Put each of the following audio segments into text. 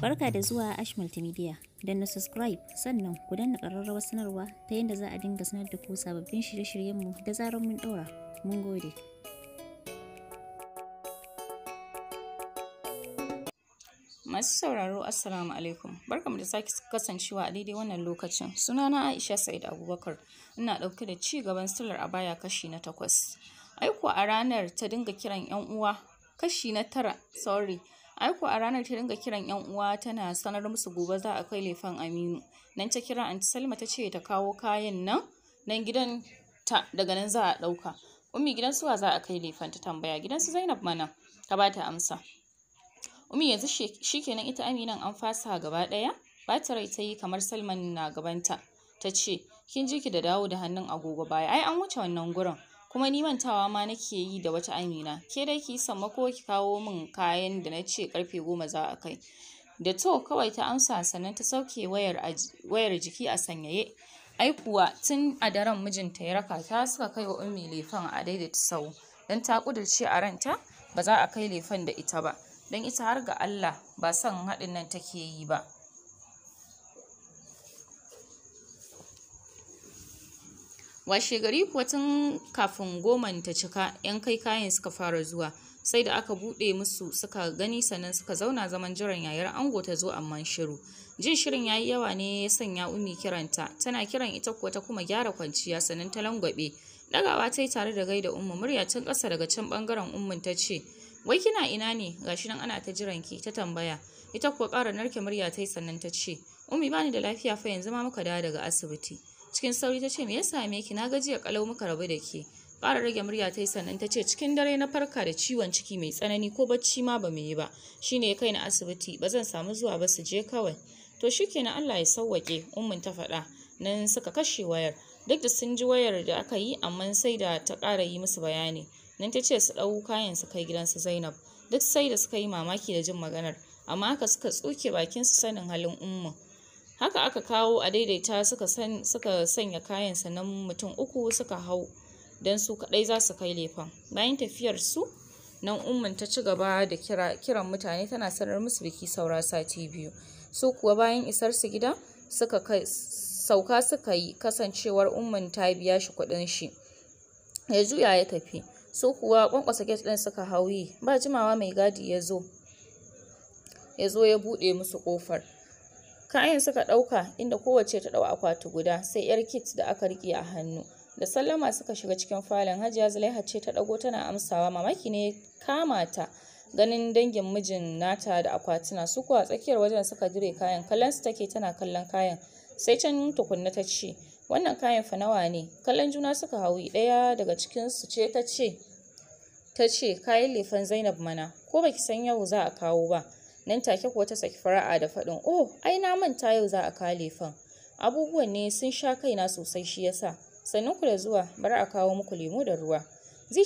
Barka da zuwa Ash Multimedia. Don na subscribe sannan ku danna ƙararrawar sanarwa ta yadda za a dinga sanar da ku sababbin shirye-shiryenmu da zarar mun ɗora. Mun gode. Masu sauraro Assalamu alaikum. Barkamu da sake kasancewa a daidai wannan lokacin. Sunana Aisha Said Abubakar. Ina ɗauke da ci gaban a baya kashi na takwas. Aiko a ranar ta dinga kiran 'yan uwa kashi na tara sorry aiko a ranar ta dinga kiran yan uwa tana sanar musu gobe za a kai lefan aminu nan ta kira anti salma ta ce ta kawo kayan nan nan gidan ta daga nan za a ɗauka ummi gidan suwa za a kai lefan ta tambaya gidan su zainab mana ta ba ta amsa ummi yanzu shikenan ita aminan an fasa gaba ɗaya ta rai ta yi kamar salman na gabanta ta ce kin ji ki da dawo da hannun agogo baya ai an wuce wannan gurin kuma ni mantawa ma nake yi da wata Amina ke dai ki sammako ki kawo min kayan da na ce karfe goma za a kai da to kawai ta amsa sannan ta sauke wayar jiki a sanyaye ai kuwa tun a daren mijinta ya raka ta suka kai wa ummi lefan a daidaita sau don ta kudurce a ranta ba za a kai lefan da ita ba don ita har ga Allah ba son haɗin nan take yi ba washe gari kuwa tun kafin goman ta cika 'yan kai kayan suka fara zuwa sai da aka buɗe musu suka gani sannan suka zauna zaman jiran yayar ango ta zo amma shiru jin shirin yayi yawa ne ya sanya Umi kiranta tana kiran ita kuwa ta kuma gyara kwanciya sannan ta langwabe dagawa ta yi tare da gaida umma murya tun ƙasa daga can ɓangaren umman ta ce wai kina ina ne gashi nan ana ta jiran ki ta tambaya ita kuwa ƙara narke murya ta yi sannan ta ce ummi bani da lafiya fa yanzu ma muka dawo daga asibiti cikin sauri ta ce me ya same ki na ya kalau muka rabu da ke ƙara rage murya ta yi sannan ta ce cikin dare na farka da ciwon ciki mai tsanani ko bacci ma ba mu yi ba shine kai na asibiti ba zan samu zuwa ba su je kawai to na Allah ya sauwake ummin ta faɗa nan suka kashe wayar duk da sun ji wayar da aka yi amma sai da ta ƙara yi musu bayani nan ta ce su ɗau kayan su kai gidansu Zainab duk sai da suka yi mamaki da jin maganar amma haka suka tsuke bakin su sanin halin ummin haka aka kawo a daidaita suka sanya kayan na mutum uku suka hau don su kaɗai za su kai lefen bayan tafiyar su nan umman ta ci gaba da kiran mutane tana sanar musu biki saura sati biyu su kuwa bayan isar su gida suka sauka suka yi kasancewar umman ta biya shi kuɗin shi ya juya ya tafi su kuwa kwankwasa gate din suka hauyi ba jimawa mai gadi ya zo ya zo ya buɗe musu ƙofar Kayan suka ɗauka inda kowace ta ɗau akwati guda sai 'yar kit da aka riƙe a hannu. Da sallama suka shiga cikin falon Hajiya Zulaiha ce ta ɗago tana amsawa mamaki ne kama ta. ganin dangin mijin nata da akwatuna su kuwa tsakiyar wajen suka dire kayan kallon su take tana kallon kayan sai can tukunna ta ce wannan kayan fa nawa ne kallon juna suka hawi ɗaya daga cikin su ce ta ce ta ce kayan lefan zainab mana ko baki san yau za a kawo ba nan take kuwa ta saki fara'a da faɗin oh ai na manta yau za a kale fan abubuwan ne sun sha kaina sosai shi yasa sannan ku da zuwa bari a kawo muku lemo da ruwa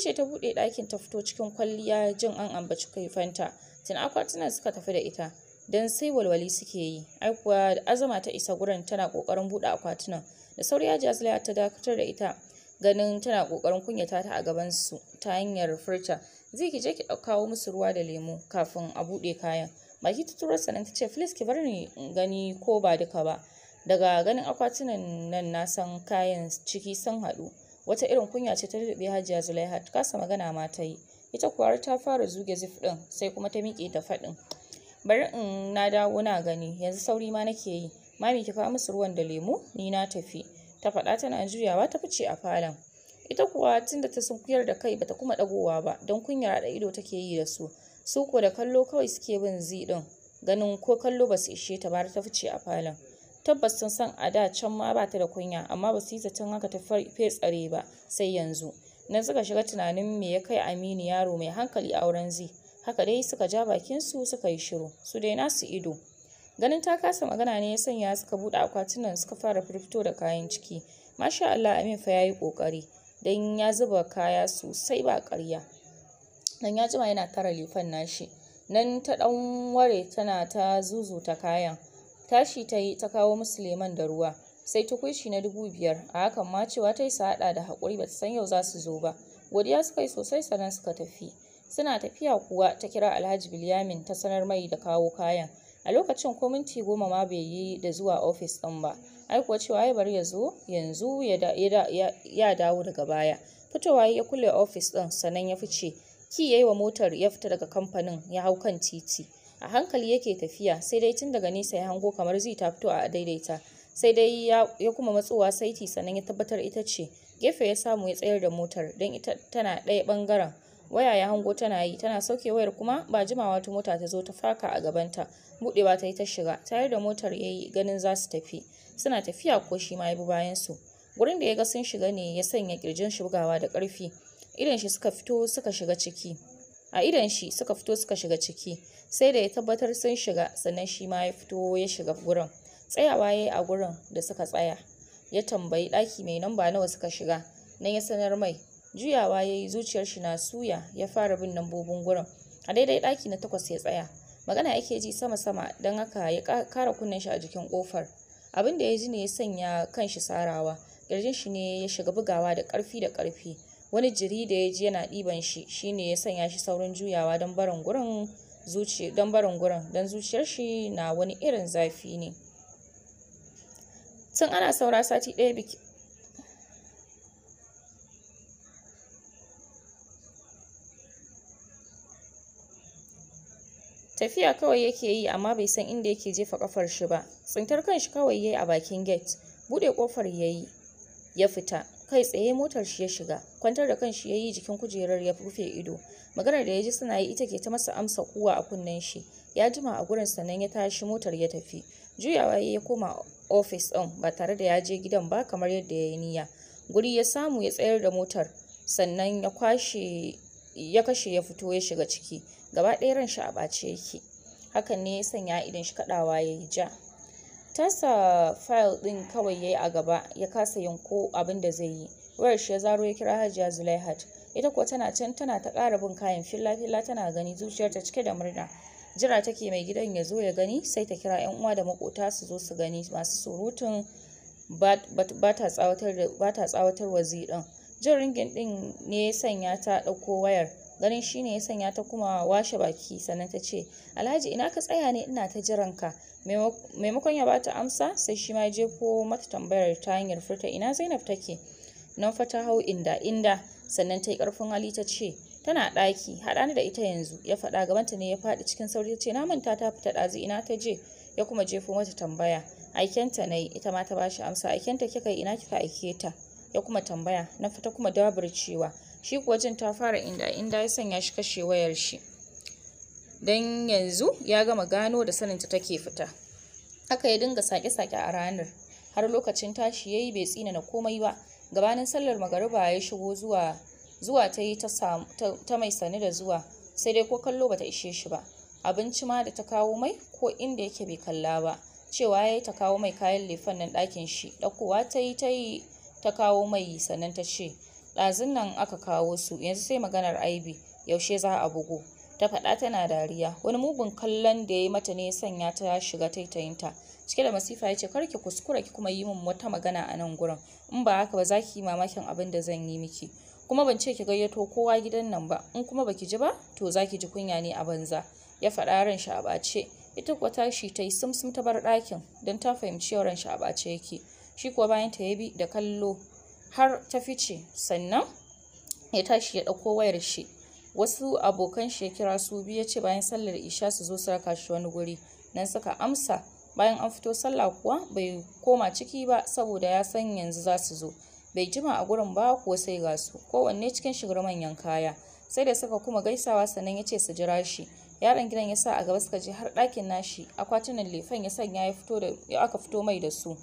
ce ta buɗe ɗakin ta fito cikin kwalliya jin an ambaci kai fanta tun akwatunan suka tafi da ita dan sai walwali suke yi ai kuwa da azama ta isa gurin tana kokarin buɗe akwatunan da sauri ya jazila ta dakatar da ita ganin tana kokarin kunyata ta a su ta hanyar furta zai ki je ki kawo musu ruwa da lemo kafin a buɗe kayan baki ta turo sannan ta ce please ki bar ni gani ko ba duka ba daga ganin akwatunan nan na san kayan ciki sun haɗu wata irin kunya ce ta rubuɗe hajiya zulaiha kasa magana ma ta yi ita kuwa ta fara zuge zif ɗin sai kuma ta miƙe ta faɗin bari in na dawo na gani yanzu sauri ma nake yi mami ki kawo musu ruwan da lemu ni na tafi ta faɗa tana juyawa ta fice a falon ita kuwa tunda ta sunkuyar da kai bata kuma ɗagowa ba don kunyar haɗa ido take yi da su su ko da kallo kawai suke bin zi ɗin ganin ko kallo ba su ishe ta ba ta fice a falon tabbas sun san a da can ma ba ta da kunya amma ba su yi zaton haka ta tsare ba sai yanzu na suka shiga tunanin me ya kai aminu yaro mai hankali a wurin zi haka dai suka ja bakin su suka yi shiru su dai nasu ido ganin ta kasa magana ne ya sanya suka buɗe akwatunan suka fara firfito da kayan ciki masha Allah Amin fa yayi kokari dan ya zuba kaya sosai ba ƙarya dan ya jima yana tara lifan nashi nan ta ɗan ware tana ta zuzuta kayan tashi ta yi ta kawo musu leman da ruwa sai kushi na dubu biyar a hakan ma cewa ta yi su hada da haƙuri ba ta san yau za su zo ba godiya suka yi sosai sannan suka tafi suna tafiya kuwa ta kira alhaji bilyamin ta sanar mai da kawo kayan a lokacin ko minti goma ma bai yi da zuwa ofis ɗin ba ai cewa ya bari ya zo yanzu ya dawo daga baya fitowa ya kulle ofis ɗin sannan ya fice ki yi wa motar ya fita daga kamfanin ya hau kan titi a hankali yake tafiya sai dai tun daga nesa ya hango kamar zai ta fito a daidaita sai dai ya, kuma matsowa saiti sannan ya tabbatar ita ce gefe ya samu ya tsayar da motar don ita tana ɗaya ɓangaren waya ya hango tana yi tana sauke wayar kuma ba jimawa ta mota ta zo ta faka a gabanta buɗewa ta yi ta shiga tayar da motar ya yi ganin za su tafi suna tafiya ko shi ma ya bi bayan gurin da ya ga sun shiga ne ya sanya kirjin shugawa da ƙarfi idon shi suka fito suka shiga ciki a idon shi suka fito suka shiga ciki sai da ya tabbatar sun shiga sannan shi ma ya fito ya shiga gurin tsayawa ya yi a gurin da suka tsaya ya tambayi ɗaki mai namba nawa suka shiga nan ya sanar mai juyawa ya yi zuciyar shi na suya ya fara bin lambobin gurin a daidai ɗaki na takwas ya tsaya magana yake ji sama-sama don haka ya kara kunnen shi a jikin ƙofar abin da ya ji ne ya sanya kanshi sarawa ƙirjin shi ne ya shiga bugawa da ƙarfi da ƙarfi wani jiri da ya ji yana ɗiban shi shine ya sanya shi saurin juyawa don barin gurin zuci don barin gurin don zuciyar shi na wani irin zafi ne tun ana saura sati ɗaya biki tafiya kawai yake yi amma bai san inda yake jefa kafar shi ba tsintar shi kawai yayi a bakin gate bude kofar yayi ya fita kai tsaye motar shi ya shiga kwantar da kanshi ya yi jikin kujerar ya rufe ido maganar da ya ji suna yi ita ke ta masa amsa kuwa a kunnen shi ya jima a gurin sannan ya tashi motar ya tafi juyawa ya koma ofis ɗin ba tare da ya je gidan ba kamar yadda ya yi niyya guri ya samu ya tsayar da motar sannan ya kwashe ya kashe ya fito ya shiga ciki gaba ɗaya ran shi a ɓace yake hakan ne ya sanya idan shi kaɗawa ya yi ja tasa fayil din kawai yayi a gaba ya kasa yanko ko abin da zai yi wayar shi ya zaro ya kira hajiya zulaihat ita kuwa tana can tana ta ƙara bin kayan filla-filla tana gani zuciyarta cike da murna jira take mai gidan ya zo ya gani sai ta kira yan uwa da makota su zo su gani masu surutun ba ta tsawatar wa jin ringin ɗin ne sanya ta ɗauko wayar ganin shi ne ya sanya ta kuma washe baki sannan ta ce alhaji ina ka tsaya ne ina ta jiran ka maimakon ya bata amsa sai shi ma je ko mata tambayar ta hanyar furta ina zainab take nan fa hau inda inda sannan ta yi karfin hali ta ce tana ɗaki haɗa ni da ita yanzu ya faɗa gabanta ne ya faɗi cikin sauri ta ce na manta ta fita ɗazu ina ta je ya kuma jefo mata tambaya aikenta na yi ita ma ta bashi amsa aikenta kika yi ina kika aike ta ya kuma tambaya na fita kuma dabar cewa. shi kuwa jin ta fara inda inda ya sanya shi kashe wayar shi don yanzu ya gama gano da saninta take fita aka ya dinga sake-sake a ranar har lokacin tashi ya yi bai tsina na komai ba gabanin sallar magariba ya shigo zuwa ta yi ta mai sani da zuwa sai dai ko kallo bata ishe shi ba abinci ma da ta kawo mai ko inda yake bai kalla ba cewa ya yi ta kawo mai kayan lefen nan ɗakin shi ɗaukowa ta yi ta yi ta kawo mai sannan ta ce ɗazun nan aka kawo su yanzu sai maganar aibi yaushe za a bugu ta faɗa tana dariya wani mugun kallon da ya yi mata ne sanya ta shiga taitayinta cike da masifa ya ce kar ki kuskura ki kuma yi min wata magana a nan gurin in ba haka ba za ki yi mamakin abin da zan yi miki kuma ban ce ki gayyato kowa gidan nan ba in kuma baki ji ba to za ki ji kunya ne a banza ya faɗa ran shi a ɓace ita kuwa shi ta yi sumsum ta bar ɗakin don ta fahimci yau ran shi a ɓace yake shi kuwa bayan ta bi da kallo har ta fice sannan ya tashi ya ɗauko wayar shi wasu abokan shi su biyu ya ce bayan sallar isha su zo su shi wani guri nan suka amsa bayan an fito sallah kuwa bai koma ciki ba saboda ya san yanzu za su zo bai jima a gurin ba kuwa sai ga su kowanne cikin shigar manyan kaya sai da suka kuma gaisawa sannan ya ce su jira shi yaron gidan ya sa a gaba suka je har ɗakin nashi akwatunan lefen ya sanya ya fito da aka fito mai da su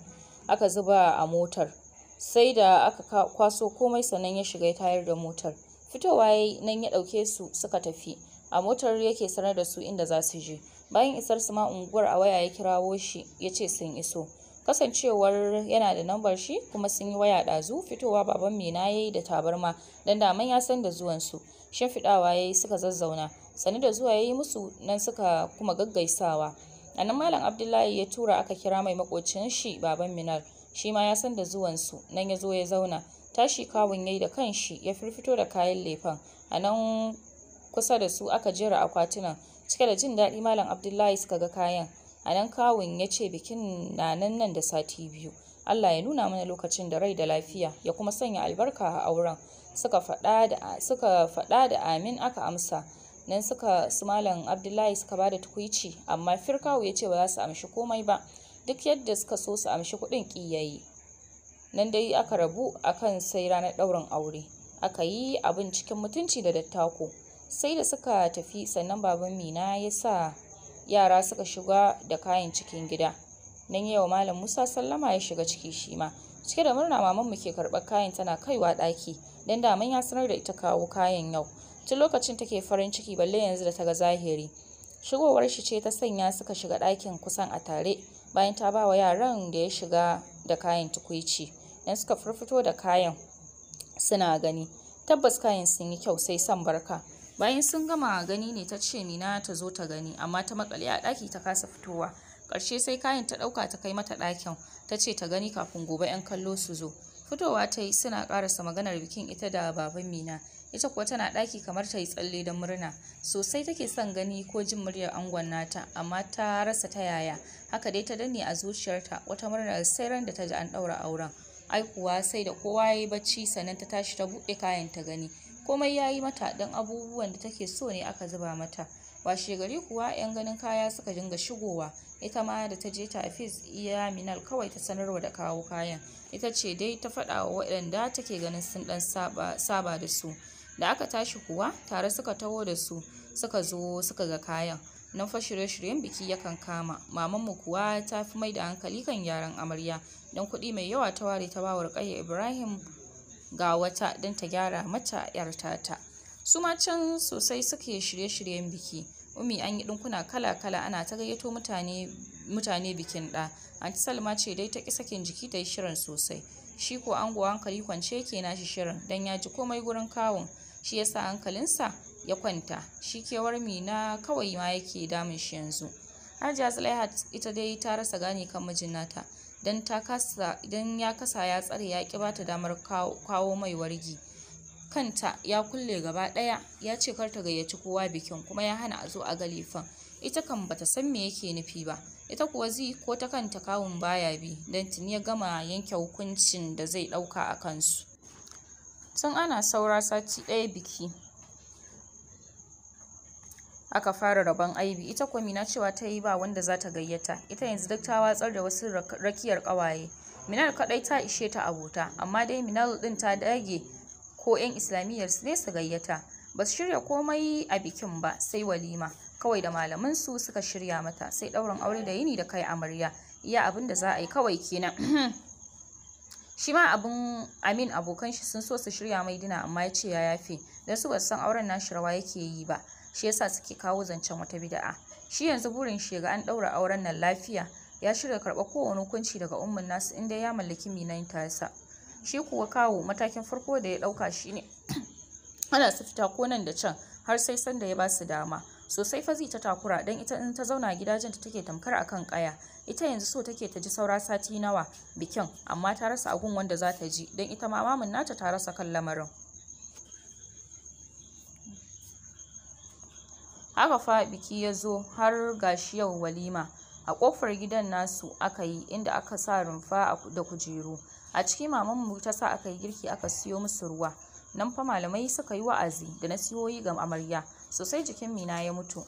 aka zuba a motar sai da aka kwaso komai sannan ya shiga ya tayar da motar fitowa ya nan ya ɗauke su suka tafi a motar yake sanar da su inda za su je bayan isar su ma unguwar a waya ya kirawo shi ya ce sun iso kasancewar yana da nambar shi kuma sun yi waya ɗazu fitowa baban mina ya yi da tabarma don daman ya san da zuwan su shimfiɗawa ya yi suka zazzauna sani da zuwa ya yi musu nan suka kuma gaggaisawa a nan malam abdullahi ya tura aka kira mai makocin shi baban minar shi ma ya san da zuwansu nan ya zo ya zauna tashi kawun yayi da kanshi ya firfito da kayan lefen a nan kusa da su aka jera akwatunan cike da jin daɗi malam abdullahi suka ga kayan a nan kawun ya ce bikin na nan nan da sati biyu allah ya nuna mana lokacin da rai da lafiya ya kuma sanya albarka a auren suka faɗa da amin aka amsa nan suka su malam abdullahi suka ba da tukuici amma firkawu ya ce ba za su amshi komai ba duk yadda suka so su amshi kuɗin ƙiyayi nan dai aka rabu akan sai ranar ɗaurin aure aka yi abin cikin mutunci da dattako sai da suka tafi sannan baban mina ya sa yara suka shiga da kayan cikin gida nan yau malam musa sallama ya shiga ciki shi ma cike da murna maman mu ke karɓar kayan tana kaiwa ɗaki dan daman ya sanar da ita kawo kayan yau tun lokacin take farin ciki balle yanzu da ta ga zahiri shigowar shi ce ta sanya suka shiga ɗakin kusan a tare bayan ta ba wa yaran da ya shiga da kayan tukuici yan suka furfuto da kayan suna gani tabbas kayan sun yi kyau sai san barka bayan sun gama gani ne ta ce mina ta zo ta gani amma ta makale a ɗaki ta kasa fitowa karshe sai kayan ta ɗauka ta kai mata ɗakin ta ce ta gani kafin gobe 'yan kallo su zo fitowa ta yi suna karasa maganar bikin ita da baban mina ita kuwa tana ɗaki kamar ta yi tsalle da murna sosai take son gani ko jin muryar angon nata amma ta rasa ta yaya haka dai ta danne a zuciyarta wata murnar sai ran da ta ji an daura auren ai kuwa sai da kowa yayi bacci sannan ta tashi ta buɗe kayan ta gani komai yayi yi mata don abubuwan da take so ne aka zuba mata washe gari kuwa 'yan ganin kaya suka dinga shigowa ita ma da ta je tafiz iya minal kawai ta sanarwa da kawo kayan ita ce dai ta faɗa wa waɗanda take ganin sun ɗan saba da su da aka tashi kuwa tare suka taho da su suka zo suka ga kayan nan fa shirye-shiryen biki yakan kama mamanmu kuwa ta fi mai da hankali kan yaran amarya don kuɗi mai yawa ta ware ta bawar ƙayya ibrahim ga wata don ta gyara mata 'yar tata su ma can sosai suke shirye-shiryen biki umi an yi ɗinkuna kala-kala ana ta gayyato mutane mutane bikin ɗa anti salma ce dai ta ƙi sakin jiki ta yi shirin sosai shi ko ango hankali kwance yake nashi shirin don ya ji komai gurin kawun shi yasa hankalinsa ya kwanta shi kewar mina kawai ma yake damun shi yanzu jihar zulaiha ita dai ta rasa gane kan mijinata. nata don idan ya kasa ya tsare ya ki bata damar kawo mai wargi kanta ya kulle gaba ɗaya ya ce kar ta gayyaci kowa bikin kuma ya hana a zo a galifan ita kan bata san me yake nufi ba ita kuwa zi ko ta kanta kawun baya bi don tuni ya gama yanke hukuncin da zai ɗauka a kansu tun ana saura sati ɗaya biki aka fara rabon aibi ita kuwa mina cewa ta yi ba wanda za ta gayyata ita yanzu duk ta watsar da wasu rakiyar ƙawaye minal kaɗai ta ishe ta abota amma dai minal ɗin ta dage ko 'yan islamiyyar su ne su gayyata ba su shirya komai a bikin ba sai walima kawai da malaman su suka shirya mata sai ɗaurin aure da yini da kai amarya iya abin da za a yi kawai kenan shi ma abin amin abokan shi sun so su shirya mai dina amma ya ce ya yafe don su basu san auren nashi rawa yake yi ba shi yasa suke kawo zancen wata bida'a shi yanzu burin shi ga an ɗaura auren nan lafiya ya shirya karɓar kowane hukunci daga ummin nasu inda ya mallaki minan tasa shi kuwa kawo matakin farko da ya ɗauka shine ana su fita ko nan da can har sai sanda ya ba su dama sosai fa zai ta takura dan ita in ta zauna gidajen ta take tamkar akan kaya ita yanzu so take ta ji saura sati nawa bikin amma ta rasa agun wanda za ta ji dan ita ma mamun nata ta rasa kan lamarin haka fa biki ya zo har gashi yau walima a kofar gidan nasu aka yi inda aka sa rumfa da kujeru a ciki mu ta sa aka yi girki aka siyo musu ruwa nan fa malamai suka yi wa'azi da nasiyoyi ga amarya sosai jikin Mina ya mutu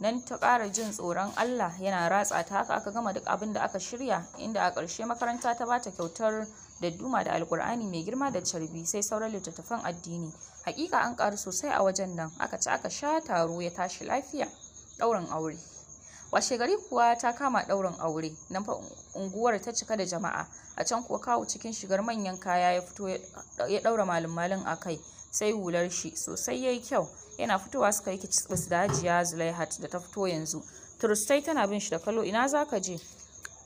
nan ta ƙara jin tsoron Allah yana ratsa ta haka aka gama duk abin da aka shirya inda a ƙarshe makaranta ta bata kyautar da duma da alƙur'ani mai girma da carbi sai sauran littattafan addini hakika an ƙaru sosai a wajen nan aka ci aka sha taro ya tashi lafiya ɗaurin aure washe gari kuwa ta kama ɗaurin aure nan fa unguwar ta cika da jama'a a can kuwa kawo cikin shigar manyan kaya ya fito ya ɗaura malin malin a kai sai hular shi sosai yayi kyau yana fitowa suka yi kicibis da hajiya zulaihat da ta fito yanzu turistai tana bin shi da kallo ina zaka je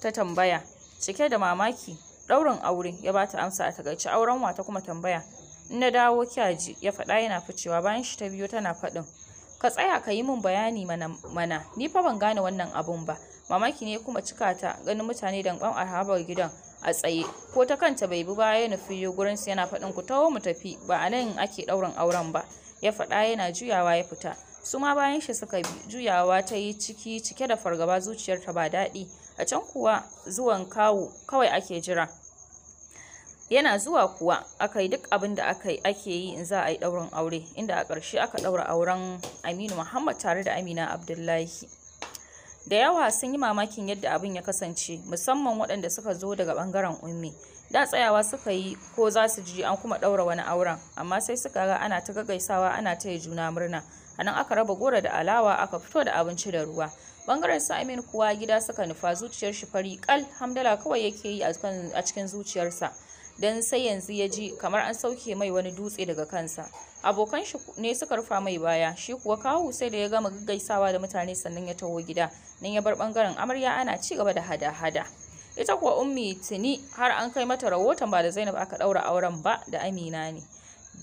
ta tambaya cike da mamaki ɗaurin aure ya bata amsa a takaice auren wa ta kuma tambaya in na dawo kyaji ya faɗa yana ficewa bayan shi ta biyo tana faɗin ka tsaya ka yi min bayani mana ni fa ban gane wannan abun ba mamaki ne kuma cika ta ganin mutane danƙon a gidan a tsaye ko ta kanta bai bi baya nufi gurinsu yana faɗin ku taho mu tafi ba a nan ake ɗaurin auren ba ya faɗa yana juyawa ya fita su ma bayan shi suka bi juyawa ta yi ciki cike da fargaba zuciyar ta ba daɗi a can kuwa zuwan kawu kawai ake jira yana zuwa kuwa aka yi duk abin da ake yi in za a yi ɗaurin aure inda a ƙarshe aka ɗaura auren aminu muhammad tare da amina abdullahi da yawa sun yi mamakin yadda abin ya kasance musamman waɗanda suka zo daga ɓangaren ummi da tsayawa suka yi ko za su ji an kuma ɗaura wani auren amma sai suka ga ana ta gaggaisawa ana taya juna murna anan aka raba goro da alawa aka fito da abinci da ruwa ɓangaren bangaren samin kuwa gida suka nufa zuciyar shi fari kal hamdala kawai yake yi a cikin zuciyarsa don sai yanzu ya ji kamar an sauke mai wani dutse daga kansa abokan shi ne suka rufa mai baya shi kuwa kawu sai da ya gama gaggaisawa da mutane sannan ya taho gida nan ya bar bangaren amarya ana ci gaba da hada-hada ita kuwa ummi tuni har an kai mata rahoton ba da zainab aka daura auren ba da amina ne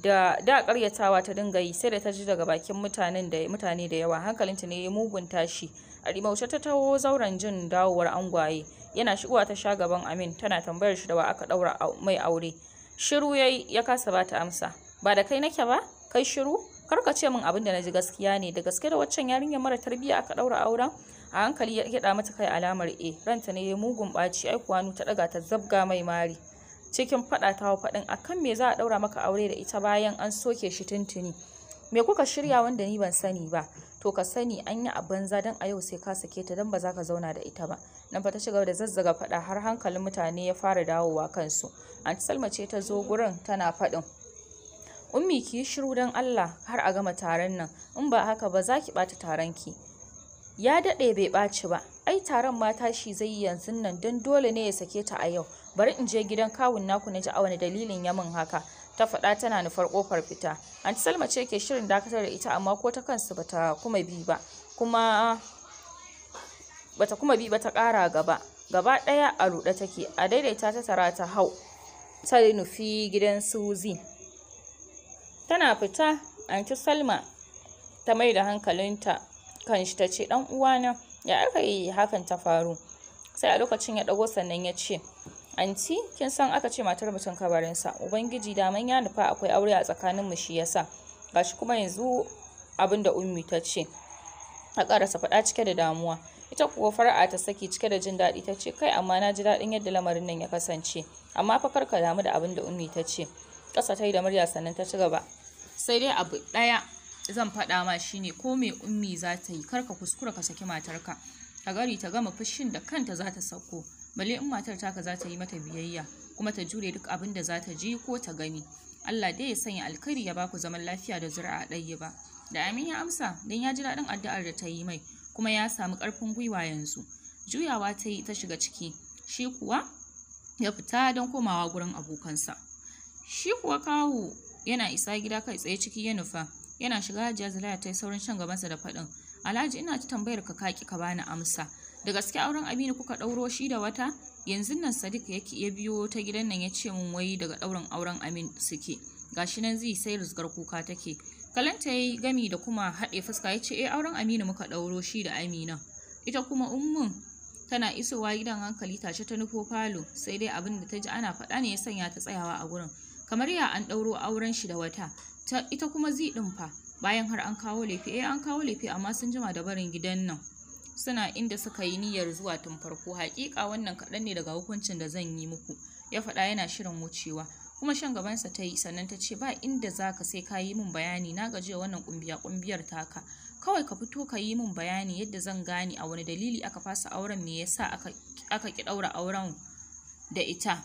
da da karyatawa ta dinga yi sai da ta ji daga bakin mutanen da mutane da yawa hankalinta ne ya mugun tashi a ta taho zauren jin dawowar angwaye yana shigowa ta sha gaban amin tana tambayar shi da wa aka daura mai aure shiru yayi ya kasa bata amsa ba da kai nake ba kai shiru kar ka ce min abin da naji gaskiya ne da gaske da waccan yarinyar mara tarbiyya aka daura auren a hankali ya kiɗa mata kai alamar e ranta ne ya mugun ɓaci ai kuwa ta daga ta zabga mai mari cikin faɗa ta faɗin akan me za a ɗaura maka aure da ita bayan an soke shi tuntuni me kuka shirya wanda ni ban sani ba to ka sani an yi a banza don a yau sai ka sake ta don ba za ka zauna da ita ba nan fa ta ci gaba da zazzaga fada har hankalin mutane ya fara dawowa kansu anti salma ce ta zo gurin tana fadin ummi ki shiru dan allah har a gama taron nan in ba haka ba za ki bata taron ki ya dade bai baci ba ai taron ma shi zai yi yanzu nan dan dole ne ya sake ta a yau bari in je gidan kawun naku na ji a wani dalilin ya min haka ta faɗa tana nufar ƙofar fita anti salma ce ke shirin dakatar da ita amma ko ta kansu bata kuma bi ba kuma bata kuma bi bata kara gaba gaba ɗaya a ruɗe take a daidaita ta tara ta hau ta nufi gidan suzi tana fita anti salma ta mai da hankalinta kan shi tace ce ɗan uwana ya aka hakan ta faru sai a lokacin ya ɗago sannan ya ce anti kin san aka ce matar mutum kabarinsa ubangiji daman ya nufa akwai aure a mu shi yasa gashi kuma yanzu abinda ummi ta ce a karasa fada cike da damuwa ita kuwa fara'a ta saki cike da jin daɗi ta ce kai amma na ji daɗin yadda lamarin nan ya kasance amma fa kar ka damu da abin da ummi ta ce ƙasa ta yi da murya sannan ta ci gaba sai dai abu ɗaya zan faɗa ma shine ko me ummi za ta yi kar ka kuskura ka saki matarka ka gari ta gama fushin da kanta za ta sauko bale in matar taka za ta yi mata biyayya kuma ta jure duk abin da za ta ji ko ta gani Allah dai ya sanya alkhairi ya baku zaman lafiya da zuri'a ɗaya ba da amin ya amsa don ya ji daɗin addu'ar da ta yi mai kuma ya samu ƙarfin gwiwa yanzu juyawa ta yi ta shiga ciki shi kuwa ya fita don komawa gurin abokansa shi kuwa kawu yana isa gida kai tsaye ciki ya nufa yana shiga hajiya zalaya ta yi saurin shan gabansa da faɗin alhaji ina ci tambayar ka kaki ka bani amsa da gaske auren aminu kuka ɗauro shi da wata yanzu nan sadiq ya biyo ta gidan nan ya ce min wai daga ɗaurin auren amin suke gashi nan zai sai rusgar kuka take kalanta ya yi gami da kuma haɗe fuska ya ce eh auren aminu muka ɗauro shi da amina ita kuma ummun tana isowa gidan hankali tashe ta nufo falo sai dai abin da ta ji ana faɗa ne ya sanya ta tsayawa a wurin. kamar ya an ɗauro auren shi da wata ita kuma zi ɗin fa bayan har an kawo lefe eh an kawo lefe amma sun jima da barin gidan nan suna inda suka yi niyyar zuwa tun farko haƙiƙa wannan kaɗan ne daga hukuncin da zan yi muku ya faɗa yana shirin wucewa kuma shan gabansa ta yi sannan ta ce ba inda za ka sai ka yi min bayani na gajiya wannan kumbiya kumbiyar taka kawai ka fito ka yi min bayani yadda zan gane a wani dalili aka fasa auren me yasa aka aka ki daura auren da ita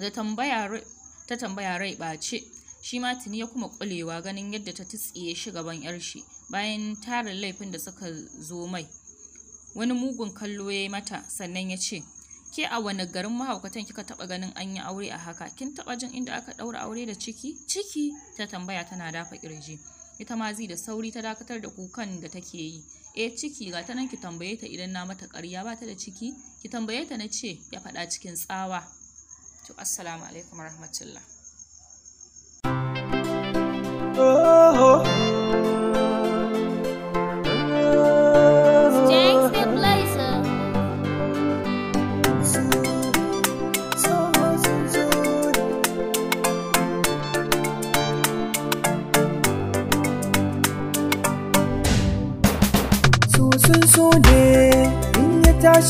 da tambaya ta tambaya rai bace shi ma tuni ya kuma kulewa ganin yadda ta tsiye shi gaban yar shi bayan tarin laifin da suka zo mai wani mugun kallo ya yi mata sannan ya ce ke a wani garin mahaukatan kika taba ganin an yi aure a haka kin taba jin inda aka daura aure da ciki ciki ta tambaya tana dafa kirji ita ma zai da sauri ta dakatar da kukan da take yi eh ciki ga ta nan ki tambaye ta idan na mata ƙarya ba ta da ciki ki tambaye ta na ce ya faɗa cikin tsawa to assalamu alaikum rahmatullah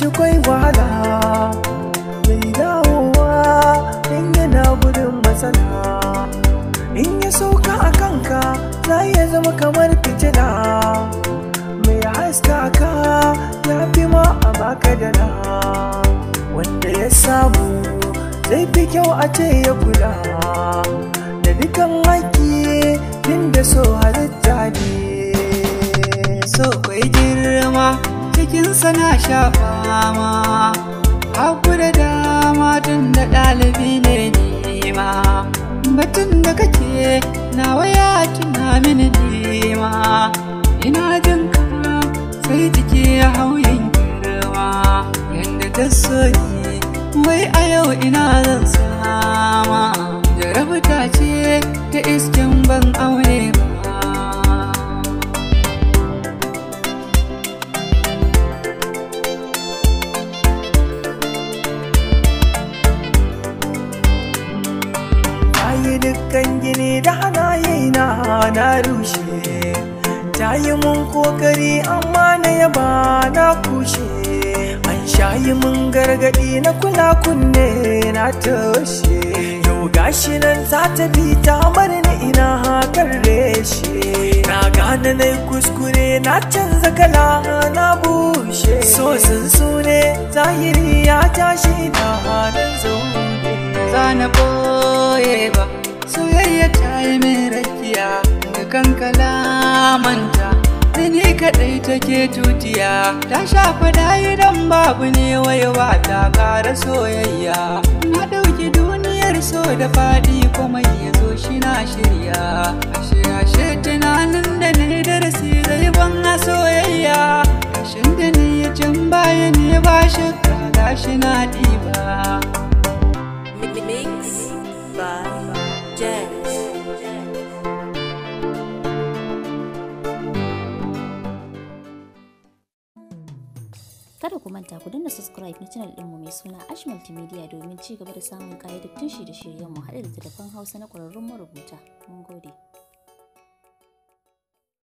shi kwai wahala mai dawowa in yana gudun matsala in ya sauka a kanka za ya zama kamar fitila mai haska ka ya fi ma a baka da na wanda ya samu zai fi kyau a ce ya kula da dukan haƙi tun da so halitta ne so kwai girma cikinsa na sha fama haku da dama tun da ɗalibi ne nima batun da kake na waya tuna mini nima ina jin kama sai jiki ya hauyin girma yadda ta soki wai a yau ina zan sama jarabta ce ta iskin ban aure ba da na na na rushe ta yi mun kokari amma na yaba na kushe an shayi mun gargadi na kula kunne na toshe yau gashi nan za ta bi ta bar ni ina hakar reshe na gane na kuskure na canza kala na bushe so sun sune zahiri ya tashi da hannun zaune Za na boye ba ya tayi mai rakiya dukan kalamanta ni kaɗai take tutiya ta shafa dayi don babu ne waiwa ta ƙara soyayya na ɗauki duniyar so da faɗi kuma ya zo shi na shirya ashe ashe tunanin da ni darasi zai ban a soyayya kashin da ni ya can baya ne ba shakka gashi na ɗiba Mix by Jen. ku manta ku danna subscribe na channel ɗinmu mai suna Ash Multimedia domin ci gaba da samun kayyadattun shirye-shiryenmu haɗe da tattafan Hausa na ƙwararrun marubuta. Mun gode.